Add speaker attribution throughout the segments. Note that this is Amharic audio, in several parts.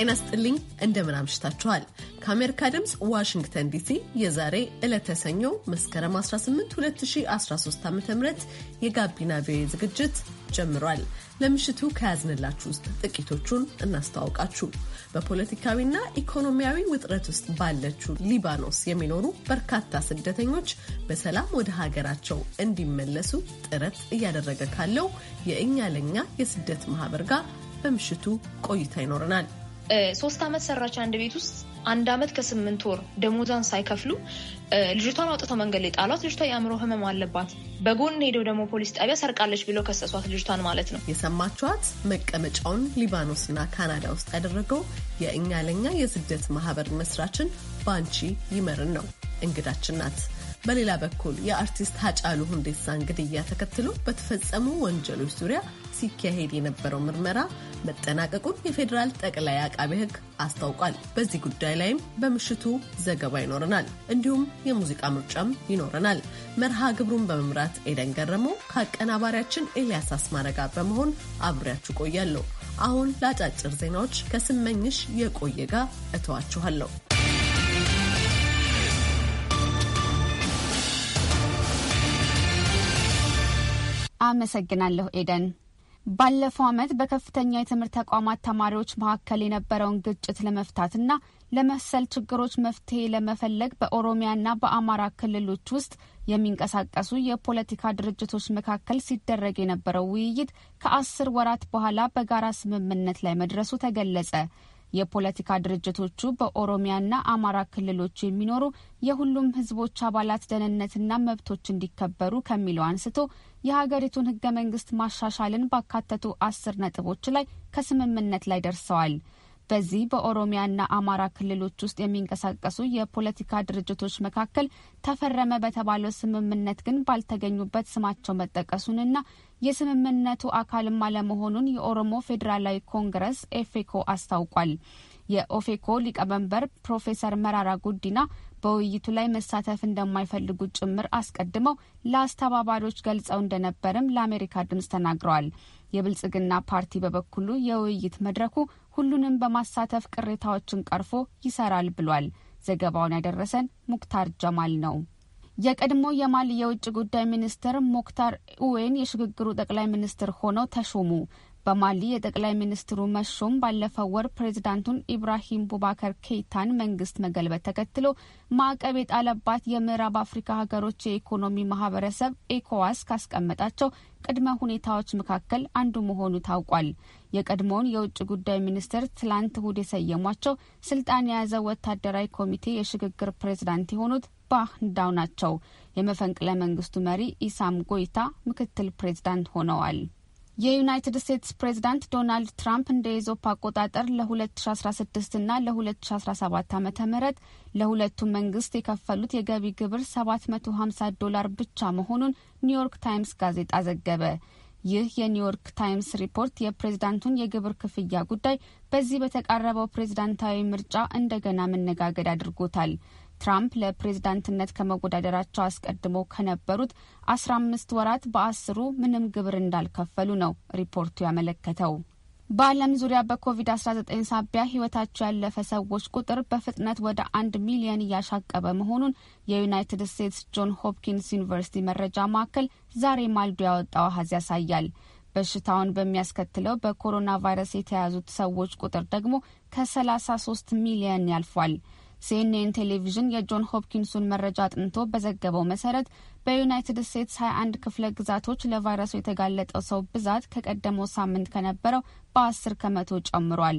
Speaker 1: ጤና ስጥልኝ እንደምን አምሽታችኋል። ከአሜሪካ ድምፅ ዋሽንግተን ዲሲ የዛሬ ዕለተ ሰኞ መስከረም 18 2013 ዓ ም የጋቢና ቪኦኤ ዝግጅት ጀምሯል። ለምሽቱ ከያዝንላችሁ ውስጥ ጥቂቶቹን እናስተዋውቃችሁ። በፖለቲካዊና ኢኮኖሚያዊ ውጥረት ውስጥ ባለችው ሊባኖስ የሚኖሩ በርካታ ስደተኞች በሰላም ወደ ሀገራቸው እንዲመለሱ ጥረት እያደረገ ካለው የእኛ ለእኛ የስደት ማህበር ጋር በምሽቱ ቆይታ ይኖረናል።
Speaker 2: ሶስት አመት ሰራች አንድ ቤት ውስጥ አንድ አመት ከስምንት ወር ደሞዛን ሳይከፍሉ ልጅቷን አውጥተው መንገድ ላይ ጣሏት። ልጅቷ የአእምሮ ህመም አለባት። በጎን ሄደው ደግሞ ፖሊስ ጣቢያ ሰርቃለች ብለው ከሰሷት ልጅቷን ማለት ነው። የሰማችኋት መቀመጫውን
Speaker 1: ሊባኖስና ካናዳ ውስጥ ያደረገው የእኛ ለኛ የስደት ማህበር መስራችን ባንቺ ይመርን ነው እንግዳችን ናት። በሌላ በኩል የአርቲስት ሀጫሉ ሁንዴሳን ግድያ ተከትሎ በተፈጸሙ ወንጀሎች ዙሪያ ሲካሄድ የነበረው ምርመራ መጠናቀቁን የፌዴራል ጠቅላይ አቃቢ ሕግ አስታውቋል። በዚህ ጉዳይ ላይም በምሽቱ ዘገባ ይኖረናል። እንዲሁም የሙዚቃ ምርጫም ይኖረናል። መርሃ ግብሩን በመምራት ኤደን ገረመው ከአቀናባሪያችን ኤልያስ አስማረ ጋር በመሆን አብሬያችሁ ቆያለሁ። አሁን ለአጫጭር ዜናዎች ከስመኝሽ የቆየ ጋር እተዋችኋለሁ።
Speaker 3: አመሰግናለሁ ኤደን። ባለፈው ዓመት በከፍተኛ የትምህርት ተቋማት ተማሪዎች መካከል የነበረውን ግጭት ለመፍታትና ለመሰል ችግሮች መፍትሄ ለመፈለግ በኦሮሚያና በአማራ ክልሎች ውስጥ የሚንቀሳቀሱ የፖለቲካ ድርጅቶች መካከል ሲደረግ የነበረው ውይይት ከአስር ወራት በኋላ በጋራ ስምምነት ላይ መድረሱ ተገለጸ። የፖለቲካ ድርጅቶቹ በኦሮሚያና አማራ ክልሎች የሚኖሩ የሁሉም ህዝቦች አባላት ደህንነትና መብቶች እንዲከበሩ ከሚለው አንስቶ የሀገሪቱን ህገ መንግስት ማሻሻልን ባካተቱ አስር ነጥቦች ላይ ከስምምነት ላይ ደርሰዋል። በዚህ በኦሮሚያና አማራ ክልሎች ውስጥ የሚንቀሳቀሱ የፖለቲካ ድርጅቶች መካከል ተፈረመ በተባለው ስምምነት ግን ባልተገኙበት ስማቸው መጠቀሱንና የስምምነቱ አካልም አለመሆኑን የኦሮሞ ፌዴራላዊ ኮንግረስ ኤፌኮ አስታውቋል። የኦፌኮ ሊቀመንበር ፕሮፌሰር መራራ ጉዲና በውይይቱ ላይ መሳተፍ እንደማይፈልጉ ጭምር አስቀድመው ለአስተባባሪዎች ገልጸው እንደነበርም ለአሜሪካ ድምጽ ተናግረዋል። የብልጽግና ፓርቲ በበኩሉ የውይይት መድረኩ ሁሉንም በማሳተፍ ቅሬታዎችን ቀርፎ ይሰራል ብሏል። ዘገባውን ያደረሰን ሙክታር ጀማል ነው። የቀድሞ የማሊ የውጭ ጉዳይ ሚኒስትር ሞክታር ኡዌን የሽግግሩ ጠቅላይ ሚኒስትር ሆነው ተሾሙ። በማሊ የጠቅላይ ሚኒስትሩ መሾም ባለፈው ወር ፕሬዚዳንቱን ኢብራሂም ቡባከር ኬይታን መንግስት መገልበት ተከትሎ ማዕቀብ የጣለባት የምዕራብ አፍሪካ ሀገሮች የኢኮኖሚ ማህበረሰብ ኤኮዋስ ካስቀመጣቸው ቅድመ ሁኔታዎች መካከል አንዱ መሆኑ ታውቋል። የቀድሞውን የውጭ ጉዳይ ሚኒስትር ትላንት እሁድ የሰየሟቸው ስልጣን የያዘው ወታደራዊ ኮሚቴ የሽግግር ፕሬዚዳንት የሆኑት ባህ ናቸው። የመፈንቅለ መንግስቱ መሪ ኢሳም ጎይታ ምክትል ፕሬዚዳንት ሆነዋል። የዩናይትድ ስቴትስ ፕሬዚዳንት ዶናልድ ትራምፕ እንደ የዞፕ አቆጣጠር ለ2016 እና ለ2017 ዓ ም ለሁለቱም መንግስት የከፈሉት የገቢ ግብር 750 ዶላር ብቻ መሆኑን ኒውዮርክ ታይምስ ጋዜጣ ዘገበ። ይህ የኒውዮርክ ታይምስ ሪፖርት የፕሬዝዳንቱን የግብር ክፍያ ጉዳይ በዚህ በተቃረበው ፕሬዝዳንታዊ ምርጫ እንደገና መነጋገድ አድርጎታል። ትራምፕ ለፕሬዝዳንትነት ከመወዳደራቸው አስቀድሞ ከነበሩት አስራ አምስት ወራት በአስሩ ምንም ግብር እንዳልከፈሉ ነው ሪፖርቱ ያመለከተው። በዓለም ዙሪያ በኮቪድ-19 ሳቢያ ሕይወታቸው ያለፈ ሰዎች ቁጥር በፍጥነት ወደ አንድ ሚሊየን እያሻቀበ መሆኑን የዩናይትድ ስቴትስ ጆን ሆፕኪንስ ዩኒቨርሲቲ መረጃ ማዕከል ዛሬ ማልዶ ያወጣው አሀዝ ያሳያል። በሽታውን በሚያስከትለው በኮሮና ቫይረስ የተያዙት ሰዎች ቁጥር ደግሞ ከ33 ሚሊየን ያልፏል። ሲኤንኤን ቴሌቪዥን የጆን ሆፕኪንሱን መረጃ አጥንቶ በዘገበው መሰረት በዩናይትድ ስቴትስ 21 ክፍለ ግዛቶች ለቫይረሱ የተጋለጠው ሰው ብዛት ከቀደመው ሳምንት ከነበረው በ10 ከመቶ ጨምሯል።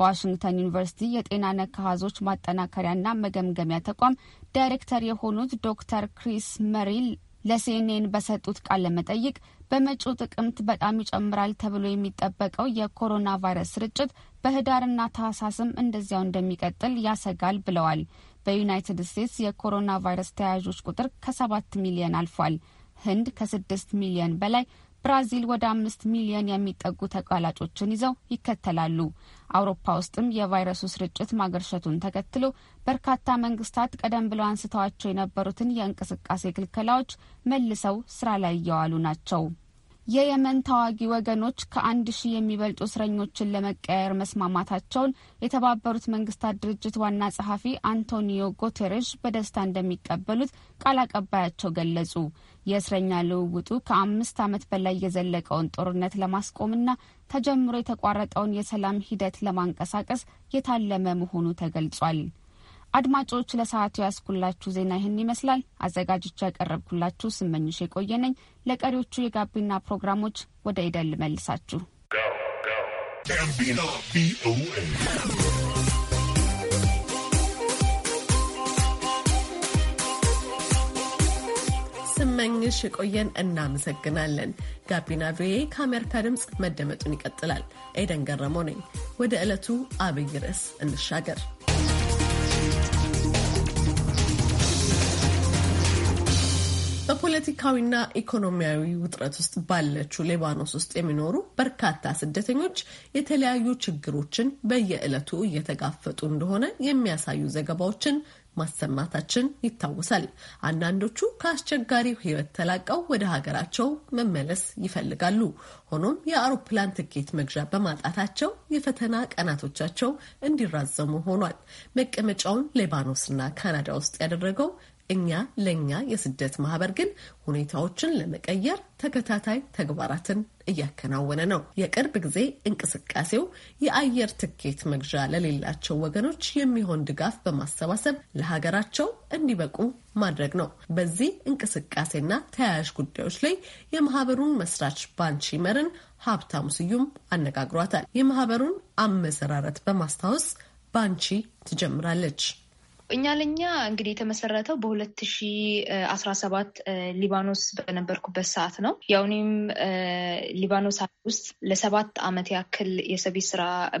Speaker 3: በዋሽንግተን ዩኒቨርሲቲ የጤና ነክ አሃዞች ማጠናከሪያና መገምገሚያ ተቋም ዳይሬክተር የሆኑት ዶክተር ክሪስ መሪል ለሲኤንኤን በሰጡት ቃለ መጠይቅ በመጪው ጥቅምት በጣም ይጨምራል ተብሎ የሚጠበቀው የኮሮና ቫይረስ ስርጭት በህዳርና ታህሳስም እንደዚያው እንደሚቀጥል ያሰጋል ብለዋል። በዩናይትድ ስቴትስ የኮሮና ቫይረስ ተያያዦች ቁጥር ከሰባት ሚሊየን አልፏል። ህንድ ከስድስት ሚሊየን በላይ ብራዚል ወደ አምስት ሚሊዮን የሚጠጉ ተጋላጮችን ይዘው ይከተላሉ። አውሮፓ ውስጥም የቫይረሱ ስርጭት ማገርሸቱን ተከትሎ በርካታ መንግስታት ቀደም ብለው አንስተዋቸው የነበሩትን የእንቅስቃሴ ክልከላዎች መልሰው ስራ ላይ እየዋሉ ናቸው። የየመን ተዋጊ ወገኖች ከአንድ ሺህ የሚበልጡ እስረኞችን ለመቀየር መስማማታቸውን የተባበሩት መንግስታት ድርጅት ዋና ጸሐፊ አንቶኒዮ ጉቴሬሽ በደስታ እንደሚቀበሉት ቃል አቀባያቸው ገለጹ። የእስረኛ ልውውጡ ከአምስት ዓመት በላይ የዘለቀውን ጦርነት ለማስቆምና ተጀምሮ የተቋረጠውን የሰላም ሂደት ለማንቀሳቀስ የታለመ መሆኑ ተገልጿል። አድማጮች ለሰዓቱ ያስኩላችሁ ዜና ይህን ይመስላል። አዘጋጅቻ ያቀረብኩላችሁ ስመኝሽ ነኝ። ለቀሪዎቹ የጋቢና ፕሮግራሞች ወደ ኢደን ልመልሳችሁ።
Speaker 1: ስመኝሽ የቆየን እናመሰግናለን። ጋቢና ቪኦኤ ከአሜሪካ ድምፅ መደመጡን ይቀጥላል። ኤደን ገረመው ነኝ። ወደ ዕለቱ አብይ ርዕስ እንሻገር። በፖለቲካዊና ኢኮኖሚያዊ ውጥረት ውስጥ ባለችው ሌባኖስ ውስጥ የሚኖሩ በርካታ ስደተኞች የተለያዩ ችግሮችን በየዕለቱ እየተጋፈጡ እንደሆነ የሚያሳዩ ዘገባዎችን ማሰማታችን ይታወሳል። አንዳንዶቹ ከአስቸጋሪው ሕይወት ተላቀው ወደ ሀገራቸው መመለስ ይፈልጋሉ። ሆኖም የአውሮፕላን ትኬት መግዣ በማጣታቸው የፈተና ቀናቶቻቸው እንዲራዘሙ ሆኗል። መቀመጫውን ሌባኖስና ካናዳ ውስጥ ያደረገው እኛ ለእኛ የስደት ማህበር ግን ሁኔታዎችን ለመቀየር ተከታታይ ተግባራትን እያከናወነ ነው። የቅርብ ጊዜ እንቅስቃሴው የአየር ትኬት መግዣ ለሌላቸው ወገኖች የሚሆን ድጋፍ በማሰባሰብ ለሀገራቸው እንዲበቁ ማድረግ ነው። በዚህ እንቅስቃሴና ተያያዥ ጉዳዮች ላይ የማህበሩን መስራች ባንቺ መርን ሀብታሙ ስዩም አነጋግሯታል። የማህበሩን አመሰራረት በማስታወስ ባንቺ ትጀምራለች።
Speaker 2: እኛ ለኛ እንግዲህ የተመሰረተው በሁለት ሺ አስራ ሰባት ሊባኖስ በነበርኩበት ሰዓት ነው። ያው እኔም ሊባኖስ ውስጥ ለሰባት አመት ያክል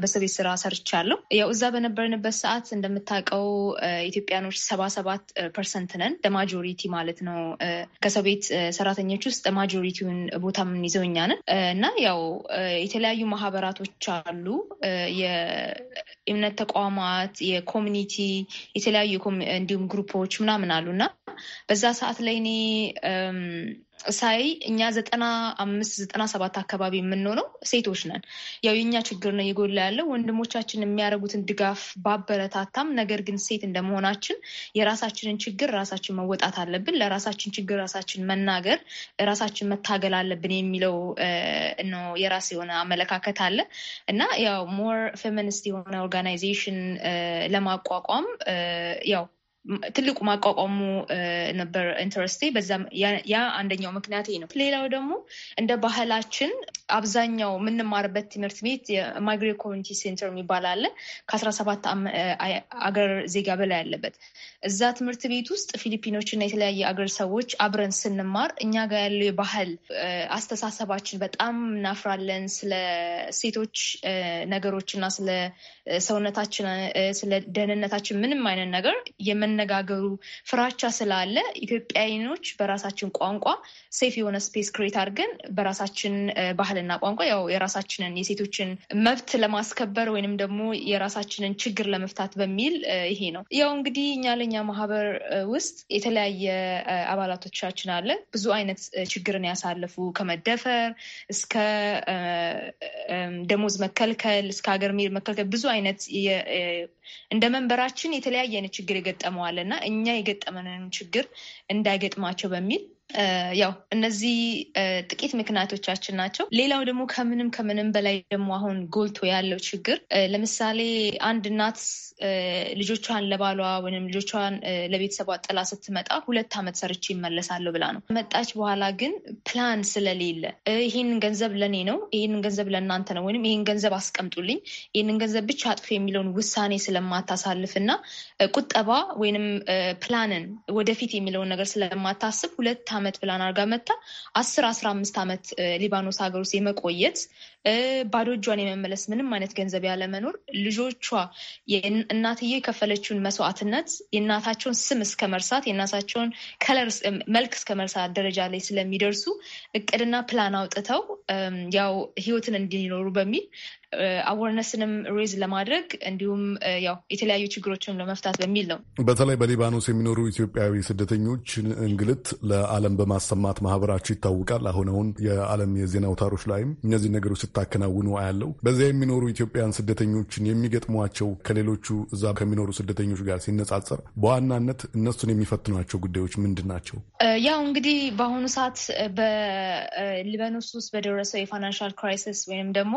Speaker 2: በሰቤት ስራ ሰርቻለሁ። ያው እዛ በነበርንበት ሰዓት እንደምታውቀው ኢትዮጵያኖች ሰባ ሰባት ፐርሰንት ነን ለማጆሪቲ ማለት ነው። ከሰቤት ሰራተኞች ውስጥ ለማጆሪቲውን ቦታ የምንይዘው እኛ ነን እና ያው የተለያዩ ማህበራቶች አሉ፣ የእምነት ተቋማት፣ የኮሚኒቲ የተለያዩ የተለያዩ እንዲሁም ግሩፖች ምናምን አሉ እና በዛ ሰዓት ላይ እኔ ሳይ እኛ ዘጠና አምስት ዘጠና ሰባት አካባቢ የምንሆነው ሴቶች ነን። ያው የኛ ችግር ነው የጎላ ያለው ወንድሞቻችን የሚያደርጉትን ድጋፍ ባበረታታም፣ ነገር ግን ሴት እንደመሆናችን የራሳችንን ችግር ራሳችን መወጣት አለብን፣ ለራሳችን ችግር ራሳችን መናገር፣ ራሳችን መታገል አለብን የሚለው ነው የራስ የሆነ አመለካከት አለ እና ያው ሞር ፌሚኒስት የሆነ ኦርጋናይዜሽን ለማቋቋም ያው ትልቁ ማቋቋሙ ነበር ኢንተረስቴ። በዛም ያ አንደኛው ምክንያት ነው። ሌላው ደግሞ እንደ ባህላችን አብዛኛው የምንማርበት ትምህርት ቤት የማይግሬ ኮሚኒቲ ሴንተር የሚባል አለ ከአስራ ሰባት አገር ዜጋ በላይ ያለበት እዛ ትምህርት ቤት ውስጥ ፊሊፒኖች እና የተለያየ አገር ሰዎች አብረን ስንማር እኛ ጋር ያለው የባህል አስተሳሰባችን በጣም እናፍራለን። ስለ ሴቶች ነገሮች እና ስለ ሰውነታችን፣ ስለ ደህንነታችን ምንም አይነት ነገር የመነጋገሩ ፍራቻ ስላለ ኢትዮጵያኖች በራሳችን ቋንቋ ሴፍ የሆነ ስፔስ ክሬት አድርገን በራሳችን ባህል ባህልና ቋንቋ ያው የራሳችንን የሴቶችን መብት ለማስከበር ወይንም ደግሞ የራሳችንን ችግር ለመፍታት በሚል ይሄ ነው። ያው እንግዲህ እኛ ለእኛ ማህበር ውስጥ የተለያየ አባላቶቻችን አለ ብዙ አይነት ችግርን ያሳለፉ ከመደፈር እስከ ደሞዝ መከልከል እስከ ሀገር መሄድ መከልከል ብዙ አይነት እንደ መንበራችን የተለያየ አይነት ችግር የገጠመዋል እና እኛ የገጠመንን ችግር እንዳይገጥማቸው በሚል ያው እነዚህ ጥቂት ምክንያቶቻችን ናቸው። ሌላው ደግሞ ከምንም ከምንም በላይ ደግሞ አሁን ጎልቶ ያለው ችግር ለምሳሌ አንድ እናት ልጆቿን ለባሏ ወይም ልጆቿን ለቤተሰቧ ጥላ ስትመጣ ሁለት ዓመት ሰርቼ ይመለሳለሁ ብላ ነው። ከመጣች በኋላ ግን ፕላን ስለሌለ ይህንን ገንዘብ ለእኔ ነው፣ ይህን ገንዘብ ለእናንተ ነው፣ ወይም ይህን ገንዘብ አስቀምጡልኝ፣ ይህንን ገንዘብ ብቻ አጥፎ የሚለውን ውሳኔ ስለማታሳልፍ እና ቁጠባ ወይንም ፕላንን ወደፊት የሚለውን ነገር ስለማታስብ ሁለት ዓመት ብላን አርጋ መታ አስር አስራ አምስት ዓመት ሊባኖስ ሀገር ውስጥ የመቆየት ባዶ እጇን የመመለስ ምንም አይነት ገንዘብ ያለመኖር፣ ልጆቿ እናትዬ የከፈለችውን መስዋዕትነት የእናታቸውን ስም እስከ መርሳት የእናታቸውን ከለር መልክ እስከ መርሳት ደረጃ ላይ ስለሚደርሱ እቅድና ፕላን አውጥተው ያው ህይወትን እንዲኖሩ በሚል አወርነስንም ሬዝ ለማድረግ እንዲሁም ያው የተለያዩ ችግሮችን ለመፍታት በሚል ነው።
Speaker 4: በተለይ በሊባኖስ የሚኖሩ ኢትዮጵያዊ ስደተኞችን እንግልት ለዓለም በማሰማት ማህበራቸው ይታወቃል። አሁን አሁን የዓለም የዜና አውታሮች ላይም እነዚህ ነገሮች ስታከናውኑ አያለው። በዚያ የሚኖሩ ኢትዮጵያን ስደተኞችን የሚገጥሟቸው ከሌሎቹ እዛ ከሚኖሩ ስደተኞች ጋር ሲነጻጸር በዋናነት እነሱን የሚፈትኗቸው ጉዳዮች ምንድን ናቸው?
Speaker 2: ያው እንግዲህ በአሁኑ ሰዓት በሊበኖስ ውስጥ በደረሰው የፋይናንሻል ክራይሲስ ወይም ደግሞ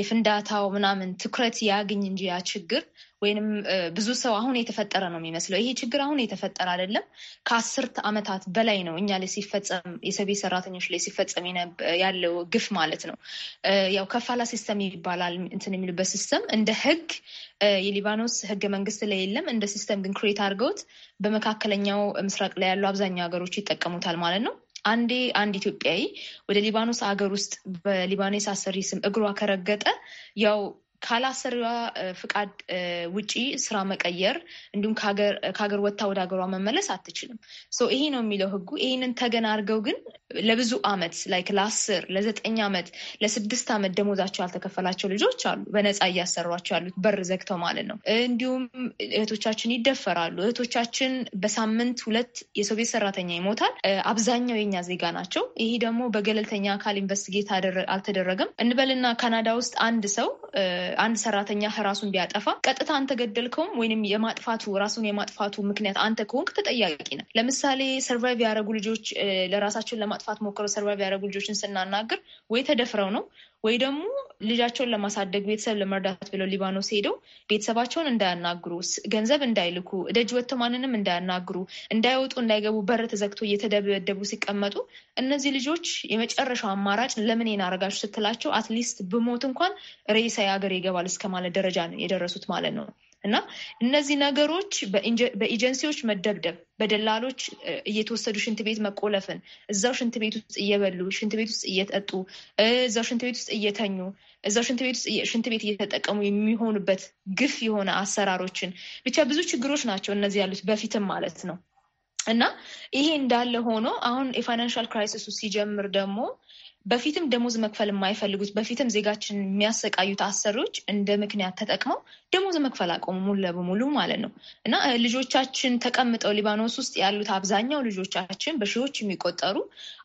Speaker 2: የፍንዳታው ምናምን ትኩረት ያግኝ እንጂ ያ ችግር ወይንም ብዙ ሰው አሁን የተፈጠረ ነው የሚመስለው። ይሄ ችግር አሁን የተፈጠረ አይደለም። ከአስርት ዓመታት በላይ ነው እኛ ላይ ሲፈጸም የሰቤ ሰራተኞች ላይ ሲፈጸም ያለው ግፍ ማለት ነው። ያው ከፋላ ሲስተም ይባላል እንትን የሚሉበት ሲስተም እንደ ህግ የሊባኖስ ህገ መንግስት ላይ የለም። እንደ ሲስተም ግን ክሬት አድርገውት በመካከለኛው ምስራቅ ላይ ያሉ አብዛኛው ሀገሮች ይጠቀሙታል ማለት ነው። አንዴ አንድ ኢትዮጵያዊ ወደ ሊባኖስ ሀገር ውስጥ በሊባኖስ አሰሪ ስም እግሯ ከረገጠ ያው ካላሰሪዋ ፍቃድ ውጪ ስራ መቀየር እንዲሁም ከሀገር ወጥታ ወደ ሀገሯ መመለስ አትችልም። ይሄ ነው የሚለው ህጉ። ይህንን ተገና አድርገው ግን ለብዙ አመት ላይክ ለአስር ለዘጠኝ አመት ለስድስት አመት ደሞዛቸው ያልተከፈላቸው ልጆች አሉ በነፃ እያሰሯቸው ያሉት በር ዘግተው ማለት ነው። እንዲሁም እህቶቻችን ይደፈራሉ። እህቶቻችን በሳምንት ሁለት የሰው ቤት ሰራተኛ ይሞታል። አብዛኛው የኛ ዜጋ ናቸው። ይሄ ደግሞ በገለልተኛ አካል ኢንቨስቲጌት አልተደረገም። እንበልና ካናዳ ውስጥ አንድ ሰው አንድ ሰራተኛ ራሱን ቢያጠፋ ቀጥታ አንተ ገደልከውም ወይም የማጥፋቱ ራሱን የማጥፋቱ ምክንያት አንተ ከሆንክ ተጠያቂ ነ ለምሳሌ ሰርቫይቭ ያደረጉ ልጆች ለራሳቸውን ለማጥፋት ሞክረው ሰርቫይቭ ያደረጉ ልጆችን ስናናግር ወይ ተደፍረው ነው ወይ ደግሞ ልጃቸውን ለማሳደግ ቤተሰብ ለመርዳት ብለው ሊባኖስ ሄደው ቤተሰባቸውን እንዳያናግሩ፣ ገንዘብ እንዳይልኩ፣ ደጅ ወጥተው ማንንም እንዳያናግሩ፣ እንዳይወጡ፣ እንዳይገቡ በር ተዘግቶ እየተደበደቡ ሲቀመጡ እነዚህ ልጆች የመጨረሻው አማራጭ ለምን ናረጋችሁ ስትላቸው አትሊስት ብሞት እንኳን ሬሳ የሀገር ይገባል እስከማለት ደረጃ ነው የደረሱት ማለት ነው። እና እነዚህ ነገሮች በኤጀንሲዎች መደብደብ፣ በደላሎች እየተወሰዱ ሽንት ቤት መቆለፍን፣ እዛው ሽንት ቤት ውስጥ እየበሉ ሽንት ቤት ውስጥ እየጠጡ እዛው ሽንት ቤት ውስጥ እየተኙ እዛው ሽንት ቤት ውስጥ ሽንት ቤት እየተጠቀሙ የሚሆኑበት ግፍ የሆነ አሰራሮችን ብቻ ብዙ ችግሮች ናቸው እነዚህ ያሉት በፊትም ማለት ነው እና ይሄ እንዳለ ሆኖ አሁን የፋይናንሻል ክራይሲሱ ሲጀምር ደግሞ በፊትም ደሞዝ መክፈል የማይፈልጉት በፊትም ዜጋችን የሚያሰቃዩት አሰሪዎች እንደ ምክንያት ተጠቅመው ደሞዝ መክፈል አቆሙ ሙሉ ለሙሉ ማለት ነው እና ልጆቻችን ተቀምጠው ሊባኖስ ውስጥ ያሉት አብዛኛው ልጆቻችን በሺዎች የሚቆጠሩ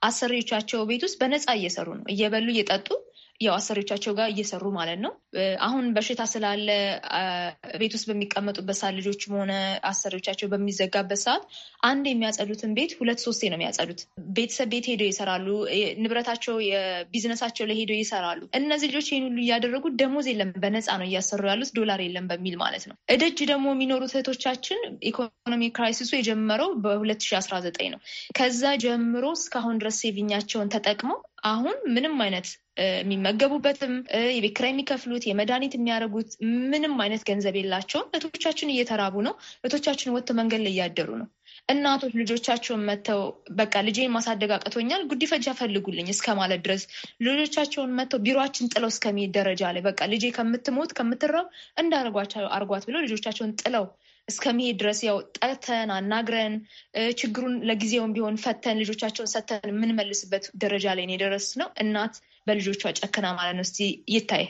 Speaker 2: አሰሪዎቻቸው ቤት ውስጥ በነፃ እየሰሩ ነው እየበሉ እየጠጡ ያው አሰሪዎቻቸው ጋር እየሰሩ ማለት ነው። አሁን በሽታ ስላለ ቤት ውስጥ በሚቀመጡበት ሰዓት ልጆችም ሆነ አሰሪዎቻቸው በሚዘጋበት ሰዓት አንድ የሚያጸዱትን ቤት ሁለት ሶስቴ ነው የሚያጸዱት። ቤተሰብ ቤት ሄደው ይሰራሉ። ንብረታቸው የቢዝነሳቸው ላይ ሄደው ይሰራሉ። እነዚህ ልጆች ይህን ሁሉ እያደረጉ ደሞዝ የለም በነፃ ነው እያሰሩ ያሉት ዶላር የለም በሚል ማለት ነው። እደጅ ደግሞ የሚኖሩት እህቶቻችን ኢኮኖሚ ክራይሲሱ የጀመረው በ2019 ነው። ከዛ ጀምሮ እስካሁን ድረስ ሴቪኛቸውን ተጠቅመው አሁን ምንም አይነት የሚመገቡበትም የቤት ኪራይ የሚከፍሉት የመድኃኒት የሚያደርጉት ምንም አይነት ገንዘብ የላቸውም። እህቶቻችን እየተራቡ ነው። እህቶቻችን ወጥተው መንገድ ላይ እያደሩ ነው። እናቶች ልጆቻቸውን መጥተው በቃ ልጄን ማሳደግ አቅቶኛል ጉዲፈቻ ፈልጉልኝ እስከ ማለት ድረስ ልጆቻቸውን መጥተው ቢሮችን ጥለው እስከሚሄድ ደረጃ ላይ በቃ ልጄ ከምትሞት ከምትራብ እንዳርጓቸው አርጓት ብለው ልጆቻቸውን ጥለው እስከመሄድ ድረስ ያው ጠተን አናግረን ችግሩን ለጊዜውም ቢሆን ፈተን ልጆቻቸውን ሰተን የምንመልስበት ደረጃ ላይ ነው እናት በልጆቿ ጨክና ማለት ነው። ይታይ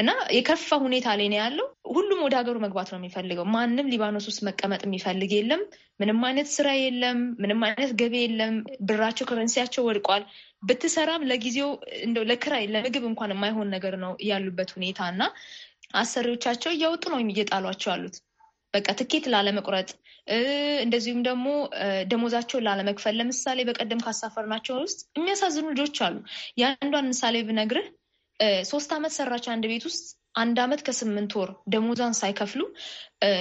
Speaker 2: እና የከፋ ሁኔታ ላይ ነው ያለው። ሁሉም ወደ ሀገሩ መግባት ነው የሚፈልገው። ማንም ሊባኖስ ውስጥ መቀመጥ የሚፈልግ የለም። ምንም አይነት ስራ የለም። ምንም አይነት ገቢ የለም። ብራቸው ከረንሲያቸው ወድቋል። ብትሰራም ለጊዜው እንደው ለክራይ ለምግብ እንኳን የማይሆን ነገር ነው ያሉበት ሁኔታ እና አሰሪዎቻቸው እያወጡ ነው እየጣሏቸው አሉት። በቃ ትኬት ላለመቁረጥ እንደዚሁም ደግሞ ደሞዛቸውን ላለመክፈል። ለምሳሌ በቀደም ካሳፈርናቸው ውስጥ የሚያሳዝኑ ልጆች አሉ። የአንዷን ምሳሌ ብነግርህ ሶስት ዓመት ሰራች አንድ ቤት ውስጥ አንድ ዓመት ከስምንት ወር ደሞዛን ሳይከፍሉ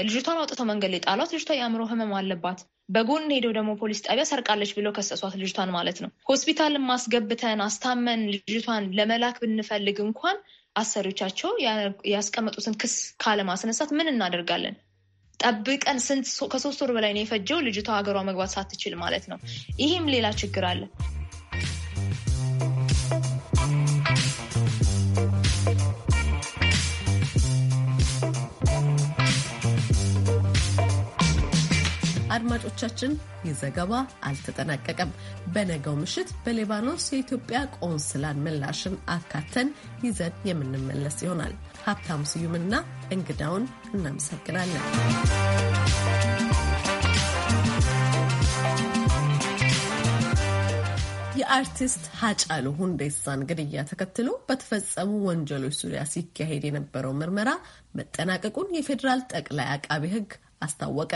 Speaker 2: ልጅቷን አውጥተው መንገድ ላይ ጣሏት። ልጅቷ የአእምሮ ሕመም አለባት። በጎን ሄደው ደግሞ ፖሊስ ጣቢያ ሰርቃለች ብለው ከሰሷት ልጅቷን ማለት ነው። ሆስፒታልን ማስገብተን አስታመን ልጅቷን ለመላክ ብንፈልግ እንኳን አሰሪዎቻቸው ያስቀመጡትን ክስ ካለማስነሳት ምን እናደርጋለን? ጠብቀን ስንት ከሶስት ወር በላይ ነው የፈጀው ልጅቷ ሀገሯ መግባት ሳትችል ማለት ነው። ይህም ሌላ ችግር አለ።
Speaker 1: አድማጮቻችን ይህ ዘገባ አልተጠናቀቀም። በነገው ምሽት በሌባኖስ የኢትዮጵያ ቆንስላን ምላሽን አካተን ይዘን የምንመለስ ይሆናል። ሀብታም ስዩምና እንግዳውን እናመሰግናለን። የአርቲስት ሀጫሉ ሁንዴሳን ግድያ ተከትሎ በተፈጸሙ ወንጀሎች ዙሪያ ሲካሄድ የነበረው ምርመራ መጠናቀቁን የፌዴራል ጠቅላይ አቃቤ ሕግ አስታወቀ።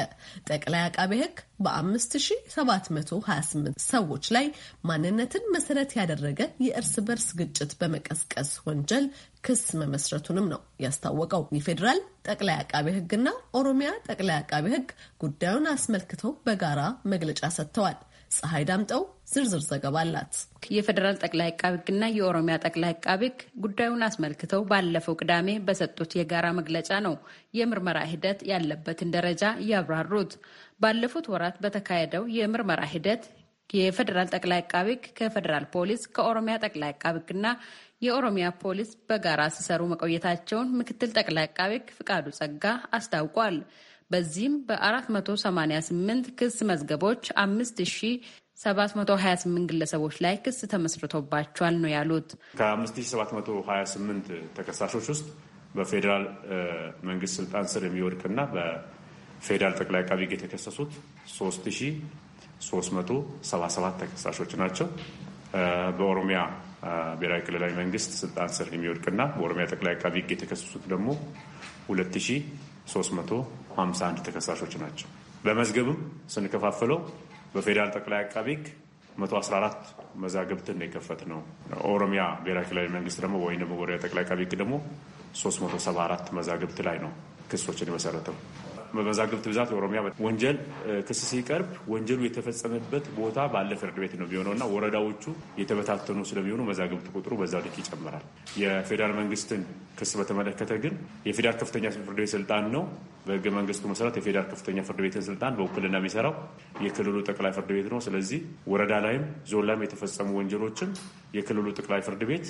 Speaker 1: ጠቅላይ አቃቤ ሕግ በ5728 ሰዎች ላይ ማንነትን መሰረት ያደረገ የእርስ በርስ ግጭት በመቀስቀስ ወንጀል ክስ መመስረቱንም ነው ያስታወቀው። የፌዴራል ጠቅላይ አቃቤ ሕግና ኦሮሚያ ጠቅላይ አቃቤ ሕግ ጉዳዩን አስመልክተው በጋራ መግለጫ ሰጥተዋል። ፀሐይ ዳምጠው ዝርዝር ዘገባ አላት።
Speaker 5: የፌዴራል ጠቅላይ አቃቤ ሕግና የኦሮሚያ ጠቅላይ አቃቤ ሕግ ጉዳዩን አስመልክተው ባለፈው ቅዳሜ በሰጡት የጋራ መግለጫ ነው የምርመራ ሂደት ያለበትን ደረጃ ያብራሩት። ባለፉት ወራት በተካሄደው የምርመራ ሂደት የፌዴራል ጠቅላይ አቃቤ ሕግ ከፌዴራል ፖሊስ፣ ከኦሮሚያ ጠቅላይ አቃቤ ሕግና የኦሮሚያ ፖሊስ በጋራ ሲሰሩ መቆየታቸውን ምክትል ጠቅላይ አቃቤ ሕግ ፍቃዱ ጸጋ አስታውቋል። በዚህም በ488 ክስ መዝገቦች 5728 ግለሰቦች ላይ ክስ ተመስርቶባቸዋል ነው ያሉት።
Speaker 4: ከ5728 ተከሳሾች ውስጥ በፌዴራል መንግስት ስልጣን ስር የሚወድቅና በፌዴራል ጠቅላይ አቃቢ ሕግ የተከሰሱት 3377 ተከሳሾች ናቸው። በኦሮሚያ ብሔራዊ ክልላዊ መንግስት ስልጣን ስር የሚወድቅና በኦሮሚያ ጠቅላይ አቃቢ ሕግ የተከሰሱት ደግሞ አንድ ተከሳሾች ናቸው። በመዝገብም ስንከፋፍለው በፌዴራል ጠቅላይ አቃቤ ሕግ 114 መዛግብትን የከፈት ነው። ኦሮሚያ ብሔራዊ ክልላዊ መንግስት ደግሞ ወይም ደግሞ ወደ ጠቅላይ አቃቤ ሕግ ደግሞ 374 መዛግብት ላይ ነው ክሶችን የመሰረተው። በመዛግብት ብዛት የኦሮሚያ ወንጀል ክስ ሲቀርብ ወንጀሉ የተፈጸመበት ቦታ ባለ ፍርድ ቤት ነው የሚሆነው እና ወረዳዎቹ የተበታተኑ ስለሚሆኑ መዛግብት ቁጥሩ በዛው ልክ ይጨምራል። የፌዴራል መንግስትን ክስ በተመለከተ ግን የፌዴራል ከፍተኛ ፍርድ ቤት ስልጣን ነው በህገ መንግስቱ መሰረት የፌዴራል ከፍተኛ ፍርድ ቤትን ስልጣን በውክልና የሚሰራው የክልሉ ጠቅላይ ፍርድ ቤት ነው። ስለዚህ ወረዳ ላይም ዞን ላይም የተፈጸሙ ወንጀሎችን የክልሉ ጠቅላይ ፍርድ ቤት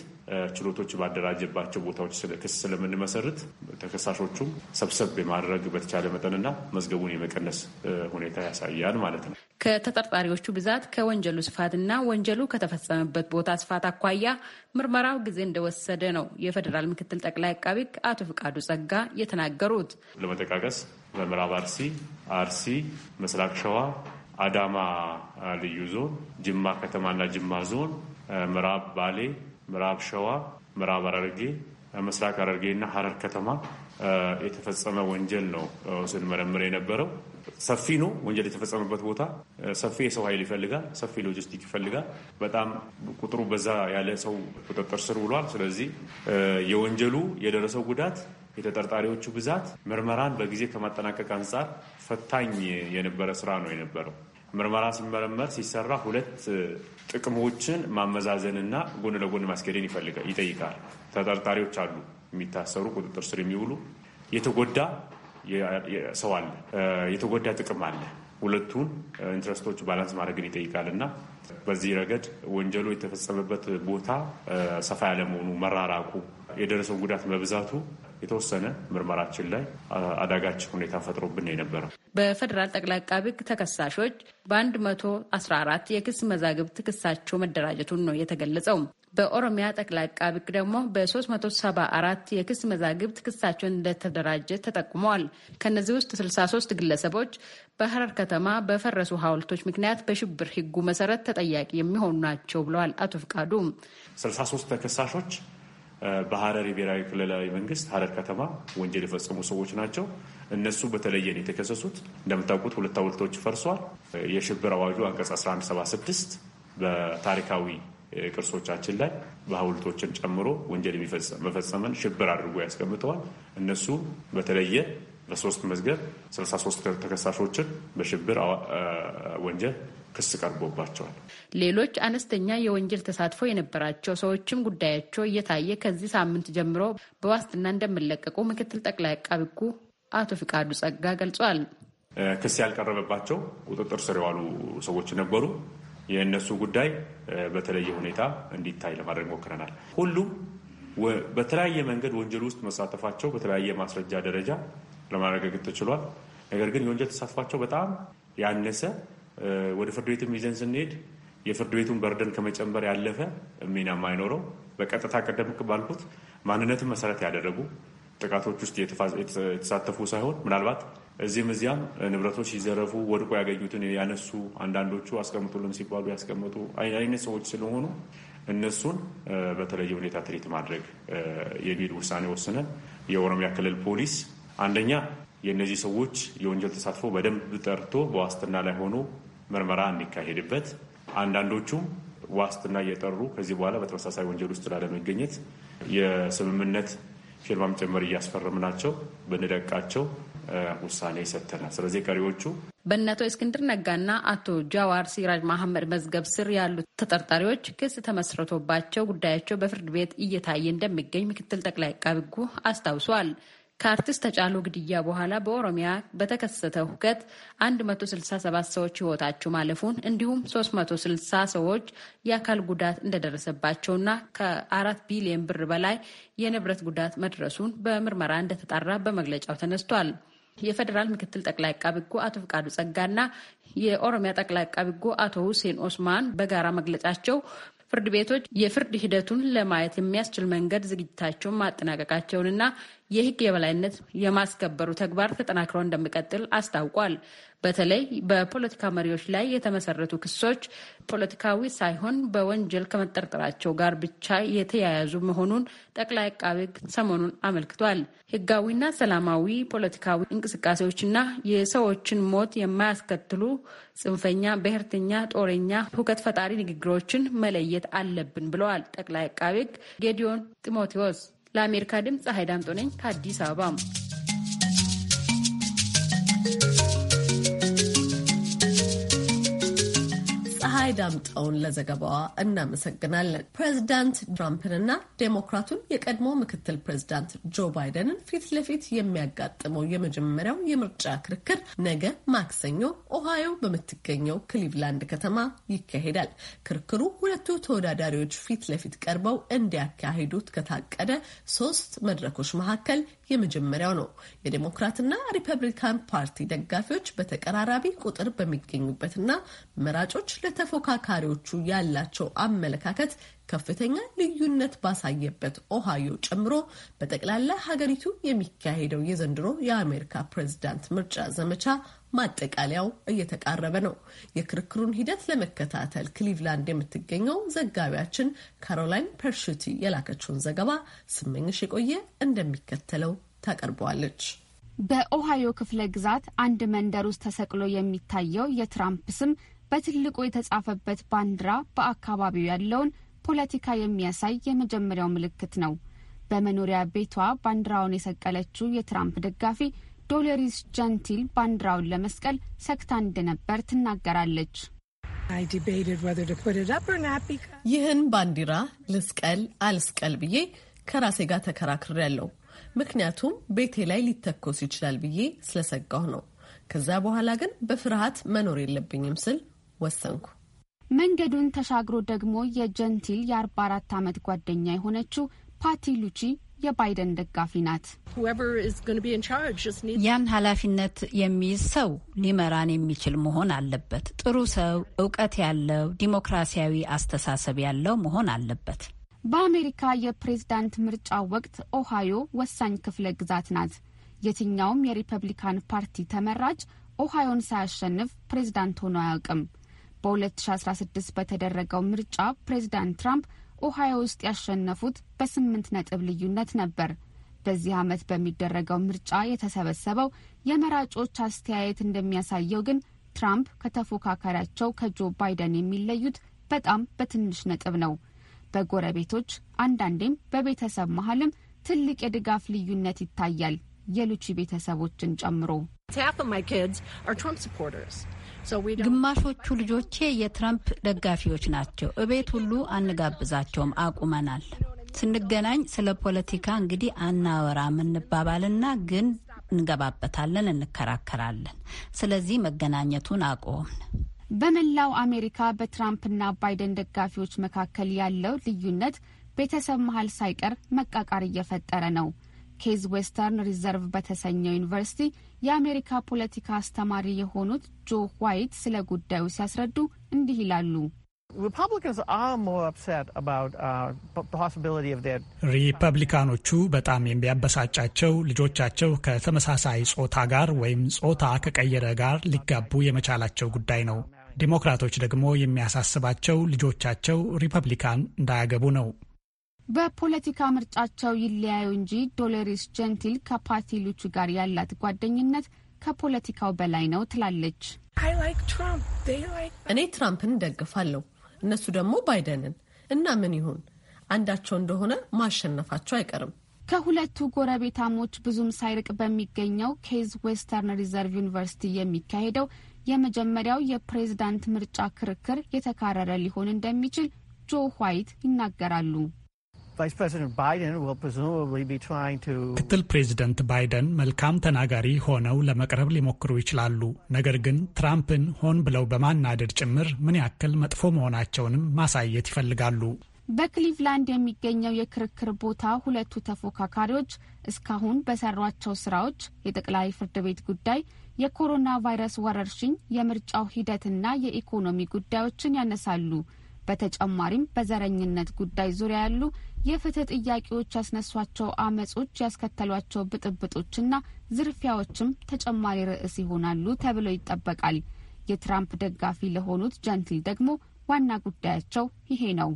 Speaker 4: ችሎቶች ባደራጀባቸው ቦታዎች ክስ ስለምንመሰርት ተከሳሾቹም ሰብሰብ የማድረግ በተቻለ መጠንና መዝገቡን የመቀነስ ሁኔታ ያሳያል ማለት ነው።
Speaker 5: ከተጠርጣሪዎቹ ብዛት ከወንጀሉ ስፋትና ወንጀሉ ከተፈጸመበት ቦታ ስፋት አኳያ ምርመራው ጊዜ እንደወሰደ ነው የፌዴራል ምክትል ጠቅላይ አቃቤ አቶ ፍቃዱ ጸጋ የተናገሩት።
Speaker 4: ለመጠቃቀስ በምዕራብ አርሲ፣ አርሲ፣ ምስራቅ ሸዋ፣ አዳማ ልዩ ዞን፣ ጅማ ከተማና ጅማ ዞን፣ ምዕራብ ባሌ፣ ምዕራብ ሸዋ፣ ምዕራብ አረርጌ ምስራቅ አረርጌ እና ሀረር ከተማ የተፈጸመ ወንጀል ነው ስንመረምር የነበረው። ሰፊ ነው ወንጀል የተፈጸመበት ቦታ። ሰፊ የሰው ኃይል ይፈልጋል። ሰፊ ሎጂስቲክ ይፈልጋል። በጣም ቁጥሩ በዛ ያለ ሰው ቁጥጥር ስር ውሏል። ስለዚህ የወንጀሉ የደረሰው ጉዳት የተጠርጣሪዎቹ ብዛት ምርመራን በጊዜ ከማጠናቀቅ አንጻር ፈታኝ የነበረ ስራ ነው የነበረው። ምርመራ ሲመረመር ሲሰራ ሁለት ጥቅሞችን ማመዛዘንና ጎን ለጎን ማስኬድን ይጠይቃል። ተጠርጣሪዎች አሉ፣ የሚታሰሩ ቁጥጥር ስር የሚውሉ የተጎዳ ሰው አለ፣ የተጎዳ ጥቅም አለ። ሁለቱን ኢንትረስቶች ባላንስ ማድረግን ይጠይቃል እና በዚህ ረገድ ወንጀሉ የተፈጸመበት ቦታ ሰፋ ያለመሆኑ መራራቁ፣ የደረሰው ጉዳት መብዛቱ የተወሰነ ምርመራችን ላይ አዳጋች ሁኔታ ፈጥሮብን የነበረው
Speaker 5: በፌዴራል ጠቅላይ አቃቢ ሕግ ተከሳሾች በ114 የክስ መዛግብት ክሳቸው መደራጀቱን ነው የተገለጸው። በኦሮሚያ ጠቅላይ አቃቢ ሕግ ደግሞ በ374 የክስ መዛግብት ክሳቸውን እንደተደራጀ ተጠቁመዋል። ከእነዚህ ውስጥ 63 ግለሰቦች በሐረር ከተማ በፈረሱ ሐውልቶች ምክንያት በሽብር ህጉ መሰረት ተጠያቂ የሚሆኑ ናቸው ብለዋል አቶ ፍቃዱ።
Speaker 4: 63 ተከሳሾች በሀረሪ ብሔራዊ ክልላዊ መንግስት ሀረር ከተማ ወንጀል የፈጸሙ ሰዎች ናቸው። እነሱ በተለየን የተከሰሱት። እንደምታውቁት ሁለት ሐውልቶች ፈርሷል። የሽብር አዋጁ አንቀጽ 1176 በታሪካዊ ቅርሶቻችን ላይ በሐውልቶችን ጨምሮ ወንጀል መፈጸመን ሽብር አድርጎ ያስቀምጠዋል። እነሱ በተለየ በሶስት መዝገብ 63 ተከሳሾችን በሽብር ወንጀል ክስ ቀርቦባቸዋል።
Speaker 5: ሌሎች አነስተኛ የወንጀል ተሳትፎ የነበራቸው ሰዎችም ጉዳያቸው እየታየ ከዚህ ሳምንት ጀምሮ በዋስትና እንደሚለቀቁ ምክትል ጠቅላይ አቃቤ ሕጉ አቶ ፍቃዱ ጸጋ ገልጿል።
Speaker 4: ክስ ያልቀረበባቸው ቁጥጥር ስር የዋሉ ሰዎች ነበሩ። የእነሱ ጉዳይ በተለየ ሁኔታ እንዲታይ ለማድረግ ሞክረናል። ሁሉም በተለያየ መንገድ ወንጀል ውስጥ መሳተፋቸው በተለያየ ማስረጃ ደረጃ ለማረጋገጥ ተችሏል። ነገር ግን የወንጀል ተሳትፏቸው በጣም ያነሰ ወደ ፍርድ ቤትም ይዘን ስንሄድ የፍርድ ቤቱን በርደን ከመጨመር ያለፈ ሚና ማይኖረው በቀጥታ ቀደም ባልኩት ማንነትን መሰረት ያደረጉ ጥቃቶች ውስጥ የተሳተፉ ሳይሆን ምናልባት እዚህም እዚያም ንብረቶች ሲዘረፉ ወድቆ ያገኙትን ያነሱ፣ አንዳንዶቹ አስቀምጡልን ሲባሉ ያስቀምጡ አይነት ሰዎች ስለሆኑ እነሱን በተለየ ሁኔታ ትሪት ማድረግ የሚል ውሳኔ ወስነን የኦሮሚያ ክልል ፖሊስ አንደኛ የእነዚህ ሰዎች የወንጀል ተሳትፎ በደንብ ጠርቶ በዋስትና ላይ ሆኖ ምርመራ እንዲካሄድበት፣ አንዳንዶቹም ዋስትና እየጠሩ ከዚህ በኋላ በተመሳሳይ ወንጀል ውስጥ ላለመገኘት የስምምነት ፊርማም ጭምር እያስፈረምናቸው ብንለቃቸው ውሳኔ ሰጥተናል። ስለዚህ ቀሪዎቹ
Speaker 5: በእነ አቶ እስክንድር ነጋና አቶ ጃዋር ሲራጅ መሐመድ መዝገብ ስር ያሉት ተጠርጣሪዎች ክስ ተመስርቶባቸው ጉዳያቸው በፍርድ ቤት እየታየ እንደሚገኝ ምክትል ጠቅላይ ዐቃቤ ሕጉ አስታውሷል። ከአርቲስት ተጫሉ ግድያ በኋላ በኦሮሚያ በተከሰተ ሁከት 167 ሰዎች ህይወታቸው ማለፉን እንዲሁም 360 ሰዎች የአካል ጉዳት እንደደረሰባቸውና ከአራት ቢሊዮን ብር በላይ የንብረት ጉዳት መድረሱን በምርመራ እንደተጣራ በመግለጫው ተነስቷል። የፌዴራል ምክትል ጠቅላይ አቃቤ ሕጉ አቶ ፍቃዱ ጸጋና የኦሮሚያ ጠቅላይ አቃቤ ሕጉ አቶ ሁሴን ኦስማን በጋራ መግለጫቸው ፍርድ ቤቶች የፍርድ ሂደቱን ለማየት የሚያስችል መንገድ ዝግጅታቸውን ማጠናቀቃቸውንና የህግ የበላይነት የማስከበሩ ተግባር ተጠናክሮ እንደሚቀጥል አስታውቋል። በተለይ በፖለቲካ መሪዎች ላይ የተመሰረቱ ክሶች ፖለቲካዊ ሳይሆን በወንጀል ከመጠርጠራቸው ጋር ብቻ የተያያዙ መሆኑን ጠቅላይ አቃቤ ሰሞኑን አመልክቷል። ህጋዊና ሰላማዊ ፖለቲካዊ እንቅስቃሴዎችና የሰዎችን ሞት የማያስከትሉ ጽንፈኛ፣ ብሔርተኛ፣ ጦረኛ፣ ሁከት ፈጣሪ ንግግሮችን መለየት አለብን ብለዋል ጠቅላይ አቃቤ ጌዲዮን ጢሞቴዎስ ለአሜሪካ ድምፅ ሀይድ አምጦ ነኝ ከአዲስ አበባ
Speaker 1: ፀሐይ ዳምጠውን ለዘገባዋ እናመሰግናለን። ፕሬዚዳንት ትራምፕንና ዴሞክራቱን የቀድሞ ምክትል ፕሬዚዳንት ጆ ባይደንን ፊት ለፊት የሚያጋጥመው የመጀመሪያው የምርጫ ክርክር ነገ ማክሰኞ ኦሃዮ በምትገኘው ክሊቭላንድ ከተማ ይካሄዳል። ክርክሩ ሁለቱ ተወዳዳሪዎች ፊት ለፊት ቀርበው እንዲያካሂዱት ከታቀደ ሶስት መድረኮች መካከል የመጀመሪያው ነው። የዴሞክራትና ሪፐብሊካን ፓርቲ ደጋፊዎች በተቀራራቢ ቁጥር በሚገኙበትና መራጮች ለተፎካካሪዎቹ ያላቸው አመለካከት ከፍተኛ ልዩነት ባሳየበት ኦሃዮ ጨምሮ በጠቅላላ ሀገሪቱ የሚካሄደው የዘንድሮ የአሜሪካ ፕሬዝዳንት ምርጫ ዘመቻ ማጠቃለያው እየተቃረበ ነው። የክርክሩን ሂደት ለመከታተል ክሊቭላንድ የምትገኘው ዘጋቢያችን ካሮላይን ፐርሹቲ የላከችውን ዘገባ ስመኝሽ የቆየ እንደሚከተለው ታቀርበዋለች።
Speaker 3: በኦሃዮ ክፍለ ግዛት አንድ መንደር ውስጥ ተሰቅሎ የሚታየው የትራምፕ ስም በትልቁ የተጻፈበት ባንዲራ በአካባቢው ያለውን ፖለቲካ የሚያሳይ የመጀመሪያው ምልክት ነው። በመኖሪያ ቤቷ ባንዲራውን የሰቀለችው የትራምፕ ደጋፊ ዶሎሪስ ጀንቲል ባንዲራውን ለመስቀል ሰግታ እንደነበር
Speaker 1: ትናገራለች። ይህን ባንዲራ ልስቀል አልስቀል ብዬ ከራሴ ጋር ያለው። ምክንያቱም ቤቴ ላይ ሊተኮስ ይችላል ብዬ ስለሰጋሁ ነው። ከዛ በኋላ ግን በፍርሃት መኖር የለብኝም ስል ወሰንኩ።
Speaker 3: መንገዱን ተሻግሮ ደግሞ የጀንቲል የ44 ዓመት ጓደኛ የሆነችው ፓቲ ሉቺ የባይደን ደጋፊ ናት።
Speaker 1: ያን
Speaker 5: ኃላፊነት የሚይዝ ሰው ሊመራን የሚችል መሆን አለበት። ጥሩ ሰው፣ እውቀት ያለው፣ ዲሞክራሲያዊ አስተሳሰብ ያለው መሆን አለበት።
Speaker 3: በአሜሪካ የፕሬዝዳንት ምርጫ ወቅት ኦሃዮ ወሳኝ ክፍለ ግዛት ናት። የትኛውም የሪፐብሊካን ፓርቲ ተመራጭ ኦሃዮን ሳያሸንፍ ፕሬዝዳንት ሆኖ አያውቅም። በ2016 በተደረገው ምርጫ ፕሬዚዳንት ትራምፕ ኦሃዮ ውስጥ ያሸነፉት በስምንት ነጥብ ልዩነት ነበር። በዚህ ዓመት በሚደረገው ምርጫ የተሰበሰበው የመራጮች አስተያየት እንደሚያሳየው ግን ትራምፕ ከተፎካካሪያቸው ከጆ ባይደን የሚለዩት በጣም በትንሽ ነጥብ ነው። በጎረቤቶች አንዳንዴም በቤተሰብ መሀልም ትልቅ የድጋፍ ልዩነት ይታያል፣
Speaker 5: የሉቺ ቤተሰቦችን ጨምሮ። ግማሾቹ ልጆቼ የትራምፕ ደጋፊዎች ናቸው። እቤት ሁሉ አንጋብዛቸውም፣ አቁመናል። ስንገናኝ ስለ ፖለቲካ እንግዲህ አናወራም እንባባልና ግን እንገባበታለን፣ እንከራከራለን። ስለዚህ መገናኘቱን አቆምን።
Speaker 3: በመላው አሜሪካ በትራምፕና ባይደን ደጋፊዎች መካከል ያለው ልዩነት ቤተሰብ መሀል ሳይቀር መቃቃር እየፈጠረ ነው። ኬዝ ዌስተርን ሪዘርቭ በተሰኘው ዩኒቨርሲቲ የአሜሪካ ፖለቲካ አስተማሪ የሆኑት ጆ ዋይት ስለ
Speaker 6: ጉዳዩ ሲያስረዱ እንዲህ ይላሉ። uh,
Speaker 4: ሪፐብሊካኖቹ በጣም የሚያበሳጫቸው ልጆቻቸው ከተመሳሳይ ጾታ ጋር ወይም ጾታ ከቀየረ ጋር ሊጋቡ የመቻላቸው ጉዳይ ነው። ዲሞክራቶች ደግሞ የሚያሳስባቸው ልጆቻቸው ሪፐብሊካን እንዳያገቡ ነው።
Speaker 3: በፖለቲካ ምርጫቸው ይለያዩ እንጂ ዶሎሬስ ጀንቲል ከፓርቲ ሉቹ
Speaker 1: ጋር ያላት ጓደኝነት ከፖለቲካው በላይ ነው ትላለች። እኔ ትራምፕን ደግፋለሁ፣ እነሱ ደግሞ ባይደንን እና ምን ይሁን አንዳቸው እንደሆነ ማሸነፋቸው አይቀርም። ከሁለቱ ጎረቤታሞች ብዙም ሳይርቅ
Speaker 3: በሚገኘው ኬዝ ዌስተርን ሪዘርቭ ዩኒቨርሲቲ የሚካሄደው የመጀመሪያው የፕሬዝዳንት ምርጫ ክርክር የተካረረ ሊሆን እንደሚችል ጆ ዋይት ይናገራሉ።
Speaker 6: ምክትል
Speaker 4: ፕሬዚደንት ባይደን መልካም ተናጋሪ ሆነው ለመቅረብ ሊሞክሩ ይችላሉ። ነገር ግን ትራምፕን ሆን ብለው በማናደድ ጭምር ምን ያክል መጥፎ መሆናቸውንም ማሳየት ይፈልጋሉ።
Speaker 3: በክሊቭላንድ የሚገኘው የክርክር ቦታ ሁለቱ ተፎካካሪዎች እስካሁን በሰሯቸው ስራዎች የጠቅላይ ፍርድ ቤት ጉዳይ፣ የኮሮና ቫይረስ ወረርሽኝ፣ የምርጫው ሂደትና የኢኮኖሚ ጉዳዮችን ያነሳሉ። በተጨማሪም በዘረኝነት ጉዳይ ዙሪያ ያሉ የፍትህ ጥያቄዎች ያስነሷቸው አመጾች ያስከተሏቸው ብጥብጦችና ዝርፊያዎችም ተጨማሪ ርዕስ ይሆናሉ ተብሎ ይጠበቃል። የትራምፕ
Speaker 1: ደጋፊ ለሆኑት ጀንትል ደግሞ ዋና ጉዳያቸው ይሄ ነው።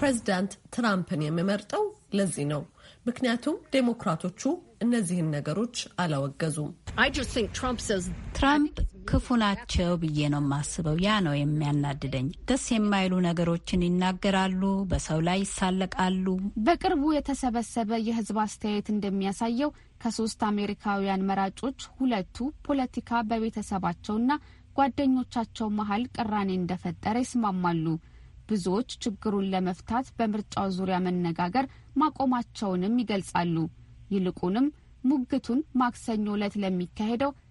Speaker 1: ፕሬዚዳንት ትራምፕን የምመርጠው ለዚህ ነው። ምክንያቱም ዴሞክራቶቹ እነዚህን ነገሮች አላወገዙም። ትራምፕ
Speaker 5: ክፉ ናቸው ብዬ ነው የማስበው። ያ ነው የሚያናድደኝ። ደስ የማይሉ ነገሮችን ይናገራሉ፣ በሰው ላይ ይሳለቃሉ። በቅርቡ የተሰበሰበ የህዝብ
Speaker 3: አስተያየት እንደሚያሳየው ከሶስት አሜሪካውያን መራጮች ሁለቱ ፖለቲካ በቤተሰባቸውና ጓደኞቻቸው መሀል ቅራኔ እንደፈጠረ ይስማማሉ። ብዙዎች ችግሩን ለመፍታት በምርጫው ዙሪያ መነጋገር ማቆማቸውንም ይገልጻሉ። ይልቁንም ሙግቱን ማክሰኞ ዕለት ለሚካሄደው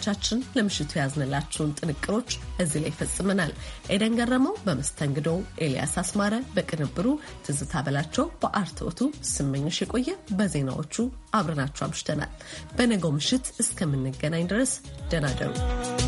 Speaker 1: አድማጮቻችን ለምሽቱ ያዝንላችሁን ጥንቅሮች እዚህ ላይ ይፈጽመናል። ኤደን ገረመው በመስተንግዶ ኤልያስ አስማረ በቅንብሩ፣ ትዝታ በላቸው በአርትዖቱ፣ ስመኞሽ የቆየ በዜናዎቹ አብረናችሁ አምሽተናል። በነገው ምሽት እስከምንገናኝ ድረስ ደናደሩ።